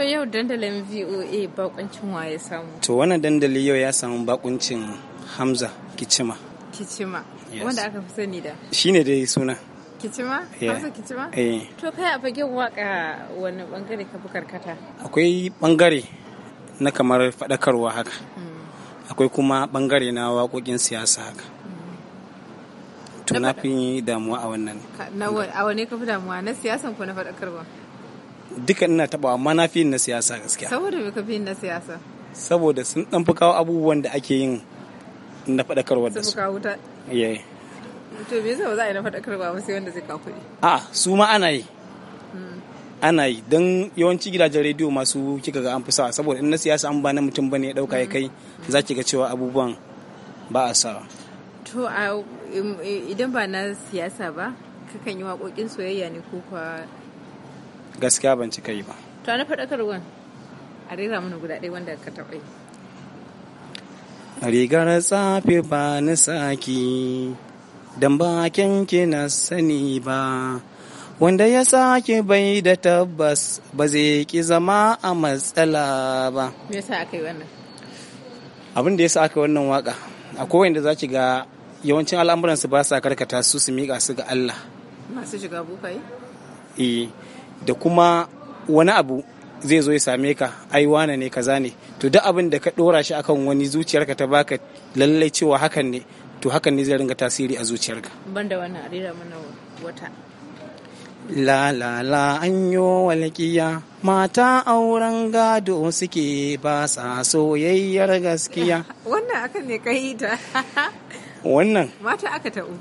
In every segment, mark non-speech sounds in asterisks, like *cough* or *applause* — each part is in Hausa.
To yau dandalin VOA bakuncin ya samu? To wannan dandali yau ya samu bakuncin Hamza Kicima. Kicima. Wanda aka fi sani da? Shi ne dai suna. Kicima? Hamza Kicima? Eh. To kai a fagen waka wani bangare ka fi karkata? Akwai bangare na kamar fadakarwa haka. Hmm. Akwai kuma bangare na waƙoƙin siyasa haka. Hmm. To na fi damuwa a wannan. A wane ka fi damuwa na siyasan ko na fadakarwa? duka ina taɓa amma na fi yin na siyasa gaskiya saboda me ka fi yin na siyasa saboda sun dan fi kawo abubuwan da ake yin na faɗakarwa da su eh to me yasa ba za a yi na faɗakarwa ba sai wanda zai kawo kuɗi a su ma ana yi hmm. ana yi don yawanci gidajen rediyo masu kika ga an fi sawa saboda in na siyasa an ba na mutum bane ya dauka ya hmm. kai za ki ga cewa abubuwan ba a sawa to um, idan ba na siyasa ba kakan yi waƙoƙin soyayya ne ko kwa gaskiya ban cika yi ba to na faɗakarwan a rera mana guda ɗaya wanda ka taɓa yi rigar tsafi ba na saki don bakin na sani ba wanda ya sake bai da tabbas ba zai ki zama a matsala ba me yasa aka yi wannan abin da yasa aka yi wannan waka a wanda da ki ga yawancin al'amuransu ba sa karkata su su miƙa su ga Allah masu shiga bukai eh da kuma wani abu zai zo ya same ka ai wane ne kaza ne to duk abin da ka dora shi akan wani zuciyarka ta baka lallai cewa hakan ne to hakan ne zai ringa tasiri a zuciyarka banda wannan arira mana wata La la la an yo walƙiya mata auren gado suke ba sa soyayyar gaskiya. *laughs* Wannan akan ne ka yi ta. *laughs* Wannan. Mata aka ta'u.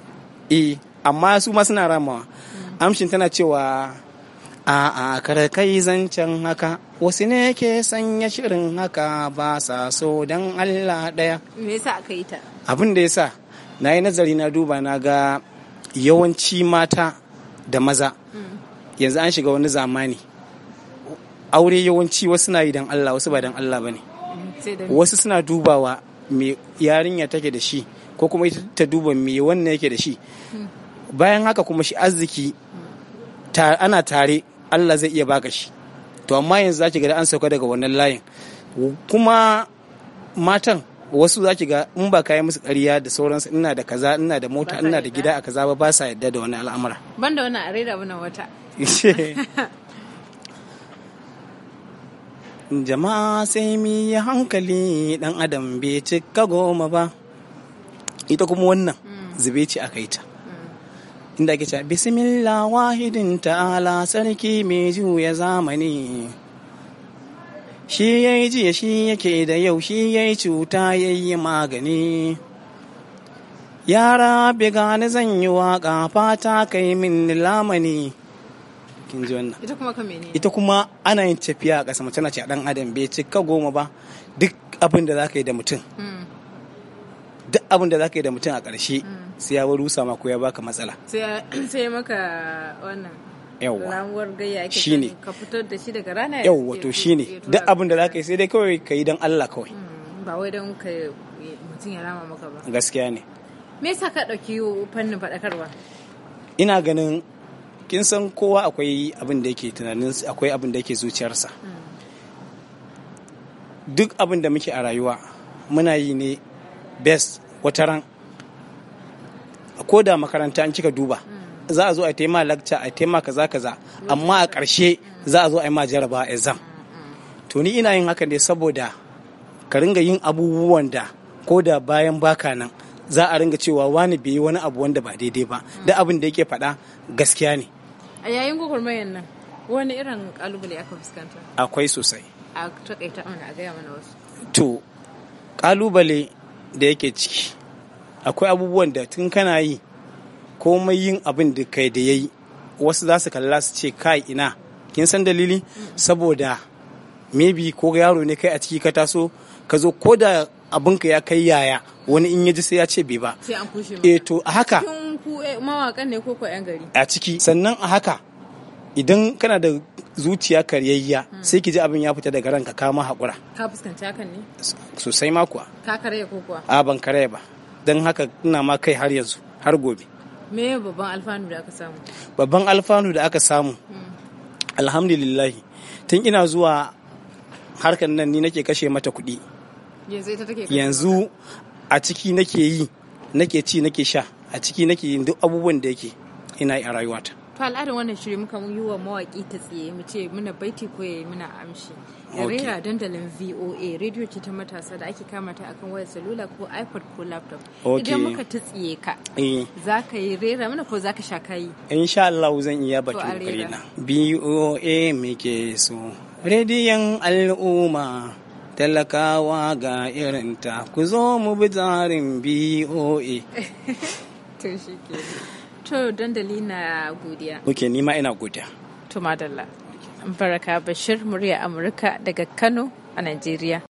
Eh, amma su ma suna ramawa. Mm. Amshin tana cewa A'a kar kai zancen haka, wasu ne ke sanya shirin haka ba sa so don Allah ɗaya. Me yasa aka yi ta? Abin da yasa, na yi nazari na duba na ga yawanci mata da maza, mm. yanzu an shiga wani zamani. Aure yawanci wasu na yi don Allah wasu ba don Allah ba ne. Mm, wasu suna dubawa me yarinya take da shi, ko kuma ita ta duba me wannan yake da shi. Mm. Bayan haka kuma shi arziki ana tare Allah zai iya baka shi to amma yanzu zaki ga da an sauka daga wannan layin kuma matan wasu zaki ga in ba yi musu ƙarya da sauransu ina da kaza ina da mota ina da gida a kaza ba ba sa yadda da wani al'amura ban da wani a da wani wata *laughs* jama'a sai mi ya hankali dan adam bai cika goma ba ita kuma wannan hmm. zube ce aka yi ta da bismillah wahidin ta'ala sarki mai juya zamani shi ya yi jiya shi yake da yau shi ya yi cuta ya yi magani yara biga na zan yi waƙa fata kai min lamani kin ji wannan ita kuma ana yin tafiya a ƙasa mace ce a ɗan adam bai cika goma ba duk abin da za ka yi da mutum hmm. duk abin da za yi da mutum a ƙarshe mm. sai ya rusa ma ko ya baka matsala sai *clears throat* maka wannan yawwa gayya shine ka fitar da shi daga rana yawwa to shine duk abin da za ka yi sai dai kawai ka yi don Allah kawai mm, ba wai don ka mutum ya rama maka ba gaskiya ne me yasa ka ɗauki fannin faɗakarwa ina ganin kin san kowa akwai abin da yake tunanin akwai abin da yake zuciyarsa mm. duk abin da muke a rayuwa muna yi ne best wataran ko da makaranta an cika duba mm. za a zo a taima lakca a taima kaza kaza amma a ƙarshe za a zo a yi ma jarabawa. exam to ni ina yin haka ne saboda ka ringa yin abubuwan da ko da bayan baka nan za a ringa cewa wani bai yi wani abu wanda ba daidai ba mm. da abin da yake faɗa gaskiya ne a yayin gwagwarmayan nan wani irin kalubale aka fuskanta akwai sosai a takaita mana a gaya mana wasu to kalubale da yake ciki akwai abubuwan da tun kana yi komai yin abin da kai da yayi wasu za su kalla su ce kai ina kin san dalili saboda maybe ko yaro ne kai a ciki ka taso ka zo ko da ka ya kai yaya wani in ya ji sai ya ce bai ba eh to a haka eh, mawakan ne ko yan gari a ciki sannan a haka idan kana da zuciya karyayya hmm. sai ki ji abin ya fita daga ranka kama hakura. ka fuskanci hakan ne sosai ma kuwa ka karaya ko kuwa a ban karaya ba don haka ina ma kai har yanzu har gobe me babban alfanu da aka samu babban alfanu da aka samu hmm. alhamdulillah tun ina zuwa harkar nan ni nake kashe mata kuɗi yanzu a ciki nake yi nake ci nake sha a ciki nake yin duk abubuwan da yake ina yi a rayuwata fa al'adar wannan shiri muka yi wa mawaƙi ta tsiye mu ce muna baiti ko ya yi muna amshi rera dandalin voa radio ce ta matasa da ake kama ta akan wayar salula ko ipod ko laptop idan muka ta tsiye ka eh. za ka yi rera muna ko za ka sha kayi sha Allah zan iya batu na voa muke so rediyon al'umma talakawa ga irinta ku zo mu bi tsarin boa *laughs* to shi To dandali na godiya. Ok, ni ma ina godiya. To madalla. Baraka Bashir, murya Amurka daga Kano a Najeriya.